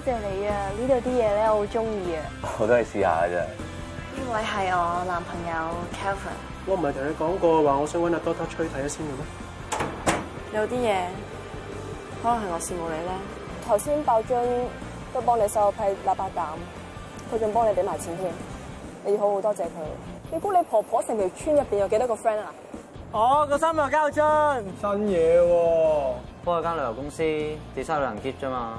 多謝你啊！呢度啲嘢咧，我好中意啊！我都係試下嘅啫。呢位係我男朋友 Calvin。我唔係同你講過的話，我想搵阿 Doctor 崔睇下先嘅咩？有啲嘢可能係我羨慕你咧。頭先爆樽都幫你收咗批喇叭膽，佢仲幫你俾埋錢添。你要好好多謝佢。你估你婆婆成條村入邊有幾多個 friend 啊？哦，那個心又交張新嘢喎。開間旅遊公司，地產旅行業啫嘛。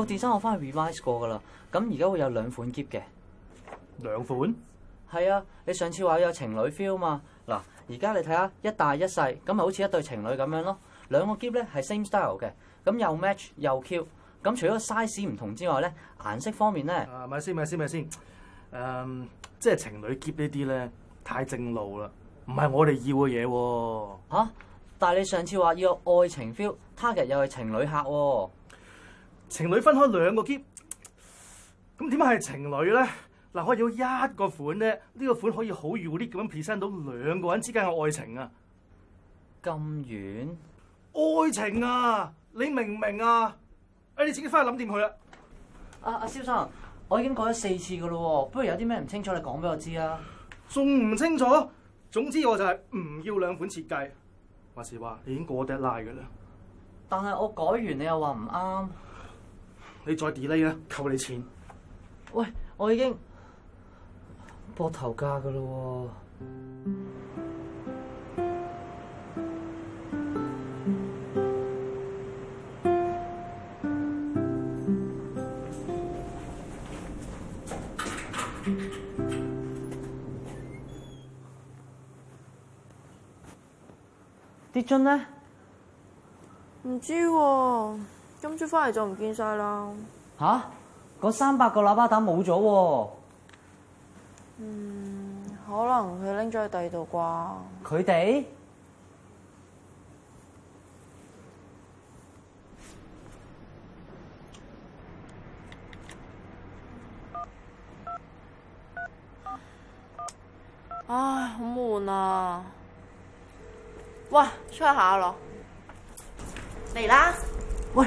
個 design 我翻去 revise 過㗎啦，咁而家會有兩款 keep 嘅兩款係啊。你上次話有情侶 feel 嘛？嗱，而家你睇下一大一細，咁咪好似一對情侶咁樣咯。兩個 keep 咧係 same style 嘅，咁又 match 又 cute。咁除咗 size 唔同之外咧，顏色方面咧，啊，咪先咪先咪先。誒，即係、呃就是、情侶 keep 呢啲咧，太正路啦，唔係我哋要嘅嘢喎。吓？但係你上次話要有愛情 feel，target 又係情侶客喎、哦。情侶分開兩個 key 咁點解係情侶咧？嗱，可以有一個款咧，呢、這個款可以好 unique 咁 present 到兩個人之間嘅愛情啊！咁遠愛情啊，你明唔明啊？誒，你自己翻去諗掂佢啦。阿、啊、阿、啊、蕭生，我已經改咗四次噶啦，不過有啲咩唔清楚，你講俾我知啊。仲唔清楚？總之我就係唔要兩款設計，話時話你已經過 deadline 噶啦？但係我改完，你又話唔啱。你再 delay 啦，扣你錢。喂，我已經波頭家㗎喇喎。啲樽咧？唔知喎、啊。今次翻嚟就唔見晒啦、啊！嚇、啊，嗰三百個喇叭彈冇咗喎。嗯，可能佢拎咗去第二度啩。佢哋。唉、啊，好悶啊！哇，出下咯，嚟啦，喂！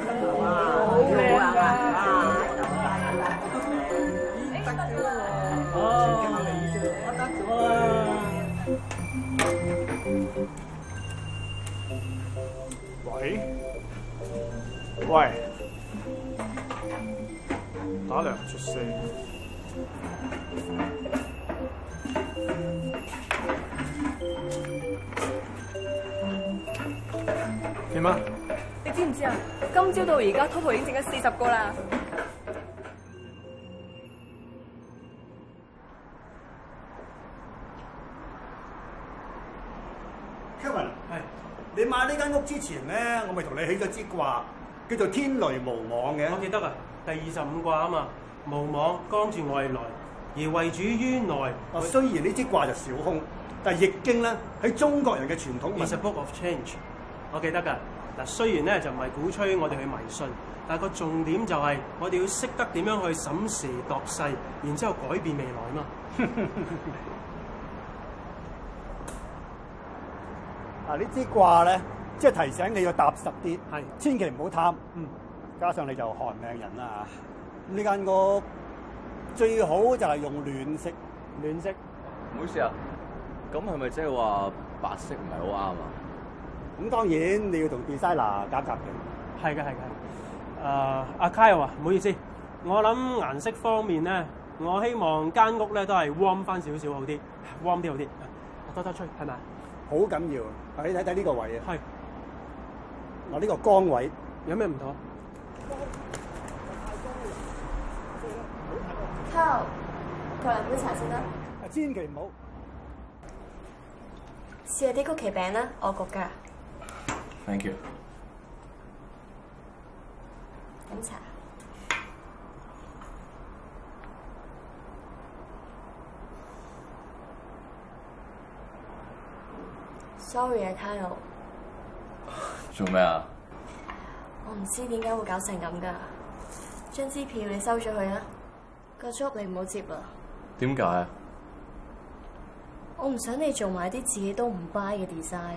喂，打量出聲，點啊？你知唔知啊？今朝到而家，total 已經剩咗四十個啦。Kevin，你買呢間屋之前呢，我咪同你起咗支卦。叫做天雷無妄嘅，我記得啊，第二十五卦啊嘛，無妄，剛住外來，而為主於內。雖然呢支卦就小空，但係易經咧喺中國人嘅傳統。而《The Book of Change》，我記得噶嗱，雖然咧就唔係鼓吹我哋去迷信，但係個重點就係我哋要識得點樣去審時度勢，然之後改變未來嘛。嗱 呢、啊、支卦咧。即係提醒你要踏實啲，千祈唔好貪。加上你就寒命人啦。呢間屋最好就係用暖色，暖色。唔好意思啊，咁係咪即係話白色唔係好啱啊？咁當然你要同 designer 夾夾嘅。係嘅，係嘅。誒，阿、uh, Kyle 啊，唔好意思，我諗顏色方面咧，我希望間屋咧都係 warm 翻少少好啲，warm 啲好啲。多多吹係咪？好緊要。啊。你睇睇呢個位啊。係我、這、呢個崗位有咩唔同？How，過來飲杯茶先啦。啊，千祈唔好。試下啲曲奇餅啦，我焗㗎，Thank you。感謝。Sorry，啊，Tao。做咩啊？我唔知點解會搞成咁噶。張支票你收咗佢啊。個 job 你唔好接啦。點解？我唔想你做埋啲自己都唔 buy 嘅 design。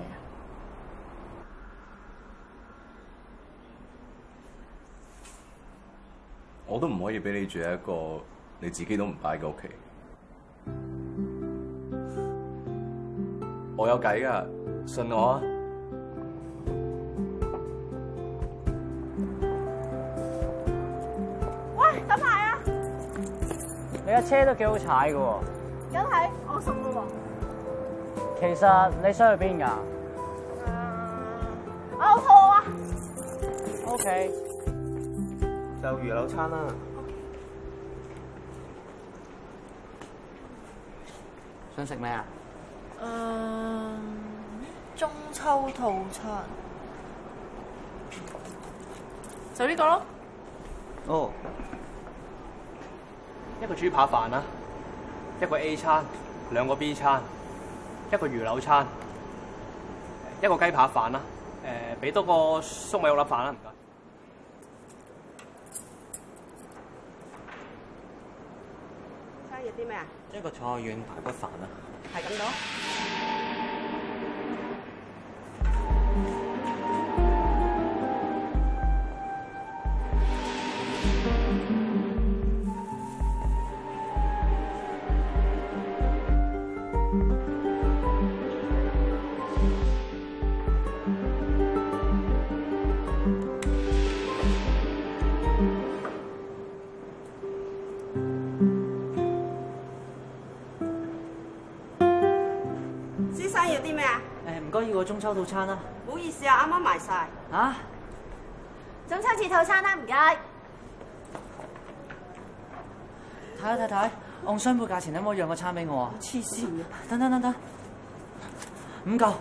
我都唔可以俾你住喺一個你自己都唔 buy 嘅屋企。我有計噶，信我啊！你架車都幾好踩噶喎，真係好熟噶喎。其實你想去邊噶？好肚餓啊。OK，、oh. 就魚柳餐啦。想食咩啊？嗯，中秋套餐，就呢個咯。哦。一個豬扒飯啦，一個 A 餐，兩個 B 餐，一個魚柳餐，一個雞扒飯啦，誒、呃，俾多個粟米烏粒飯啦，唔該。有啲咩啊？一個菜遠排骨飯啦。係咁多。唔該，要個中秋套餐啦，啊！唔好意思啊，啱啱埋晒啊。中秋節套餐啦，啊，唔該。睇下太太，按、嗯、雙倍價錢，可唔可以讓個餐俾我啊？黐線！等等等等，唔夠。不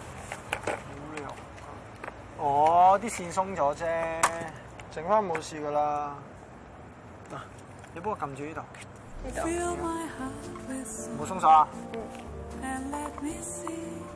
哦，啲線鬆咗啫，剩翻冇事噶啦。嗱，你幫我撳住呢度，呢度，唔好鬆手啊。嗯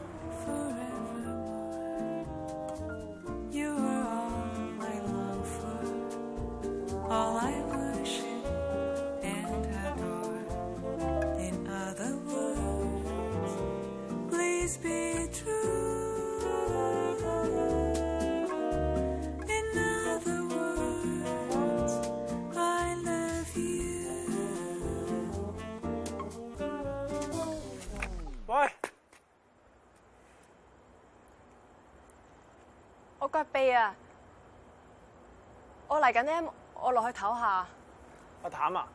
我腳臂啊，我嚟緊咧，我落去唞下。我、啊、唞啊？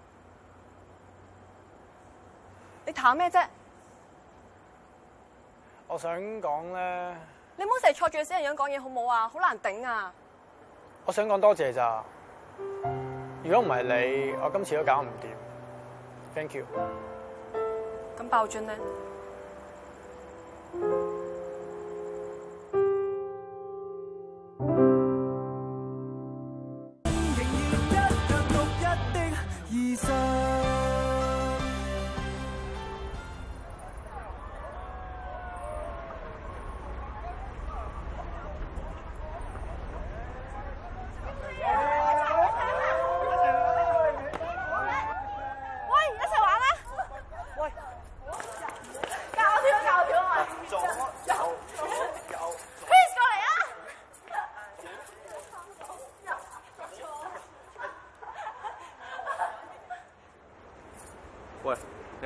你唞咩啫？我想講咧。你唔好成日坐住死人樣講嘢好唔好啊？好，好難頂啊！我想講多謝咋，如果唔係你，我今次都搞唔掂。Thank you。咁爆樽咧？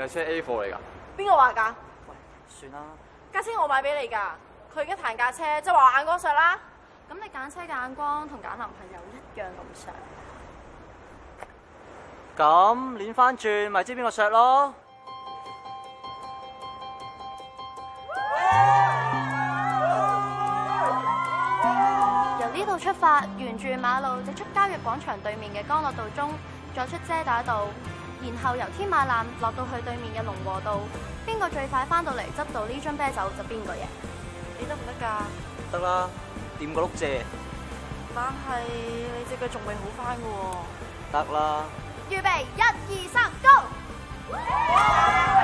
架車 A 貨嚟噶，邊個話噶？喂，算啦。架車我買俾你噶，佢而家彈架車，即係話我眼光削啦。咁你揀車嘅眼光同揀男朋友一樣咁削。咁捻翻轉，咪知邊個削咯？由呢度出發，沿住馬路直出交易廣場對面嘅江樂道中，再出遮打道。然後由添馬艦落到去對面嘅龍和道，邊個最快翻到嚟執到呢樽啤酒就邊個贏。你得唔得噶？得啦，掂個碌蔗。但係你隻腳仲未好翻噶喎。得啦。預備，一二三，go！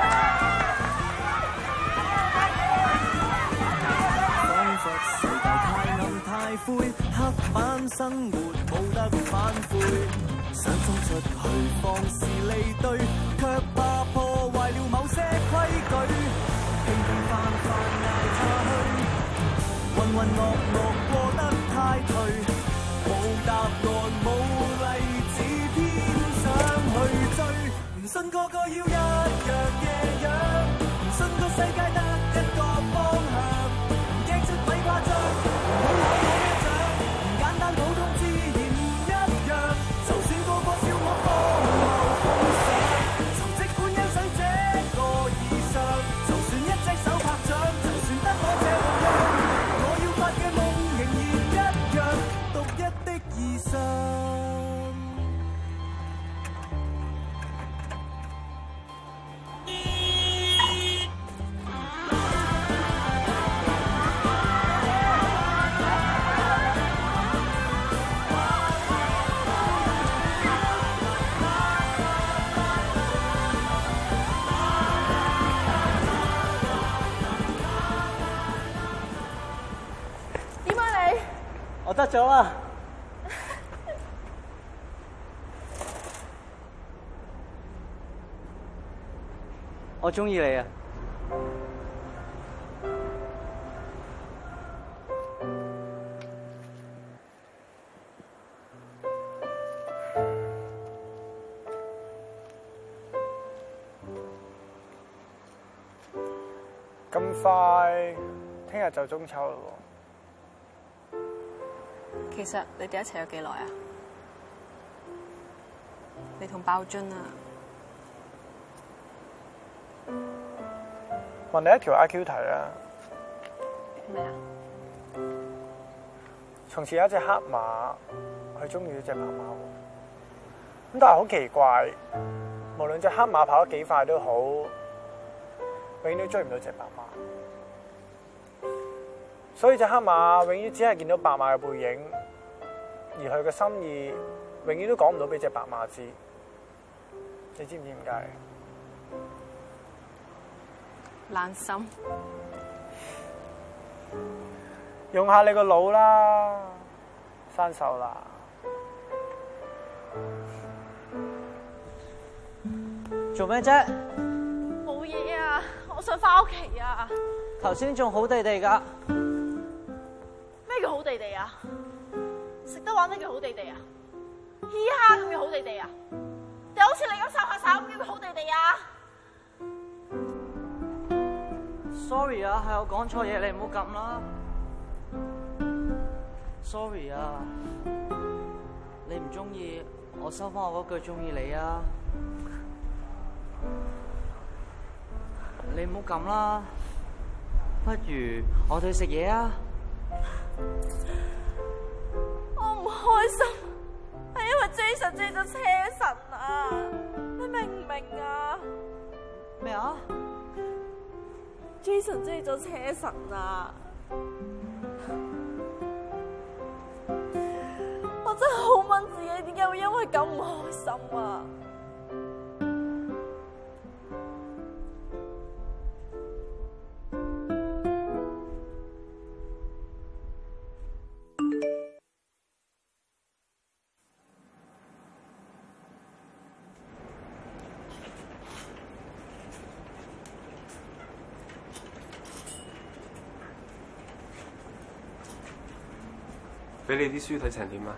黑板生活冇得反悔，想衝出去，放肆離隊，卻怕破壞了某些規矩。平平凡凡挨下去，渾渾噩噩過得太頹，冇答案冇例子，偏想去追，唔信個個要一樣嘅樣，唔信個世界。走啊，我中意你啊！咁快，聽日就中秋了。其實你哋一齊有幾耐啊？你同鮑駿啊？問你一條 I Q 題啊？咩啊？從前有一隻黑馬，佢鍾意咗隻白馬。咁但係好奇怪，無論隻黑馬跑得幾快都好，永遠都追唔到這隻白馬。所以隻黑馬永遠只係見到白馬嘅背影。而佢嘅心意永遠都講唔到俾隻白馬知，你知，你知唔知點解？冷心，用下你個腦啦，生手啦，做咩啫？冇嘢啊，我想返屋企啊！頭先仲好地地㗎，咩叫好地地啊？食得玩得叫好地地啊，嘻哈咁叫好地地啊，就好似你咁手下手咁叫好地地啊。Sorry 啊，係我講錯嘢，你唔好撳啦。Sorry 啊，你唔中意，我收翻我嗰句中意你啊。你唔好撳啦，不如我哋食嘢啊。 開心係因為 Jason 追咗車神啊！你明唔明啊？咩啊？Jason 追咗車神啊！我真係好問自己點解會因為咁唔開心啊！俾你啲書睇成點啊！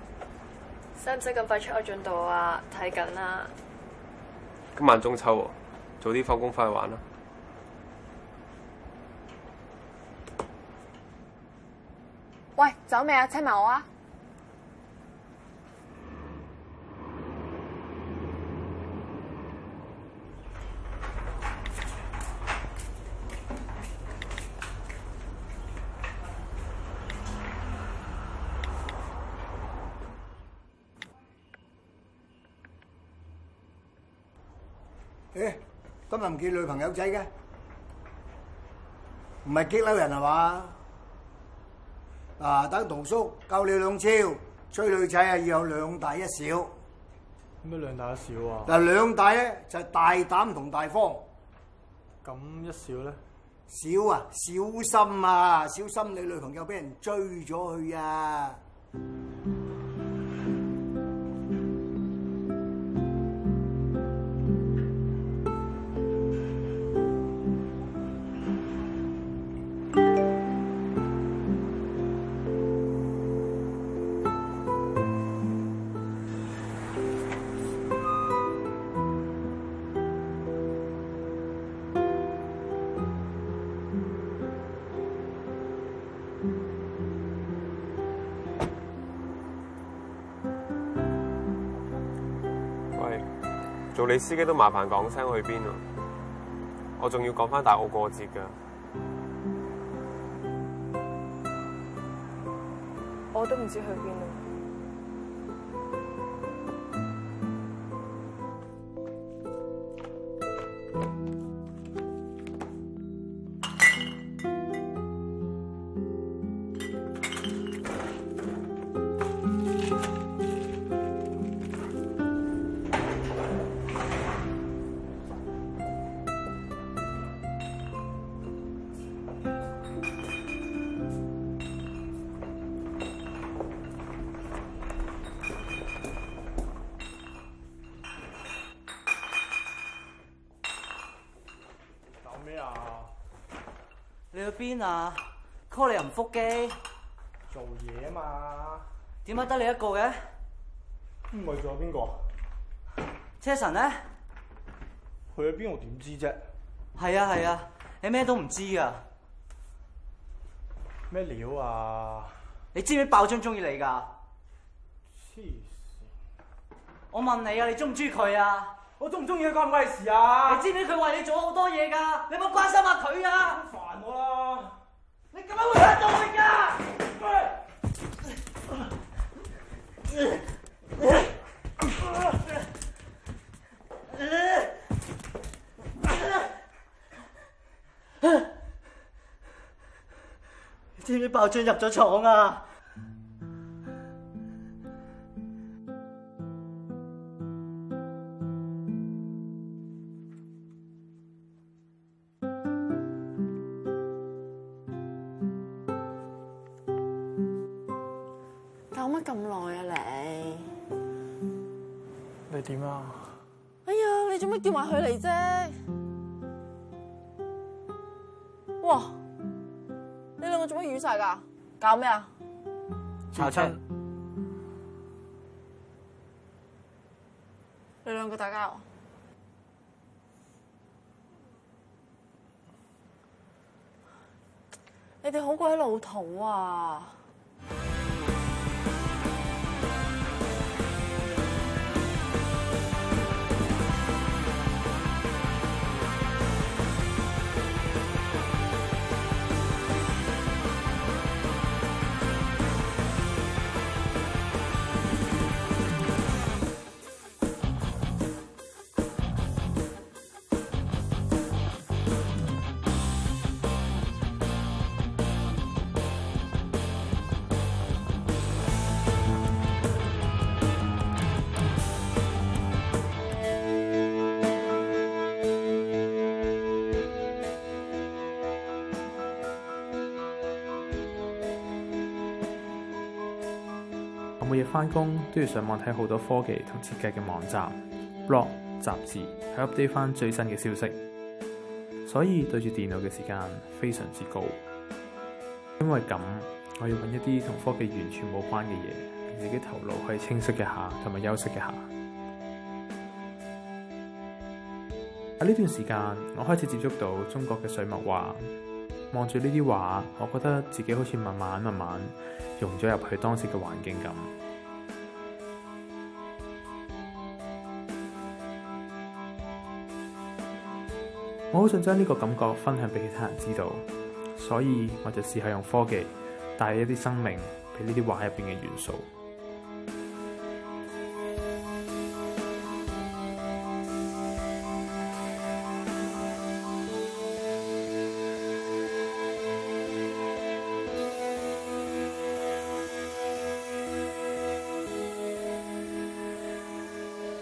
使唔使咁快出我進度啊？睇緊啦！今晚中秋喎，早啲放工快去玩啦！喂，走未啊？車埋我啊！唔見女朋友仔嘅，唔係激嬲人係嘛？啊，等唐叔教你兩招追女仔啊，要有兩大一小。咩兩大一小啊？嗱，兩大咧就係大膽同大方。咁一小咧？小啊，小心啊，小心你女朋友俾人追咗去啊！做你司機都麻煩講聲去邊啊！我仲要講返大澳過節㗎，我都唔知去邊啊！邊啊！call 你又唔覆機，做嘢啊嘛！點解得你一個嘅？唔係仲有邊個？車神呢？去咗邊我點知啫？係啊係啊，你咩都唔知啊？咩料啊？你知唔知道爆樽中意你噶？黐線！我問你啊，你中唔中意佢啊？我中唔中意佢關唔關事啊？你知唔知佢為你做咗好多嘢噶？你冇關心下佢啊！好煩啊！你咁樣會嚇到我噶！你知唔知爆樽入咗廠啊？做咩叫埋佢嚟啫？哇！你兩個做咩遠晒噶？搞咩啊？查親你兩個打交？你哋好鬼老土啊！翻工都要上網睇好多科技同設計嘅網站，blog 雜、雜誌，喺 update 翻最新嘅消息，所以對住電腦嘅時間非常之高。因為咁，我要揾一啲同科技完全冇關嘅嘢，令自己頭腦可以清晰嘅下，同埋休息嘅下。喺呢段時間，我開始接觸到中國嘅水墨畫，望住呢啲畫，我覺得自己好似慢慢慢慢融咗入去當時嘅環境咁。我好想將呢個感覺分享俾其他人知道，所以我就試下用科技帶一啲生命俾呢啲畫入邊嘅元素。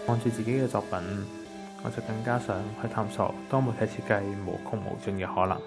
望住自己嘅作品。我就更加想去探索多媒體設計無窮無盡嘅可能。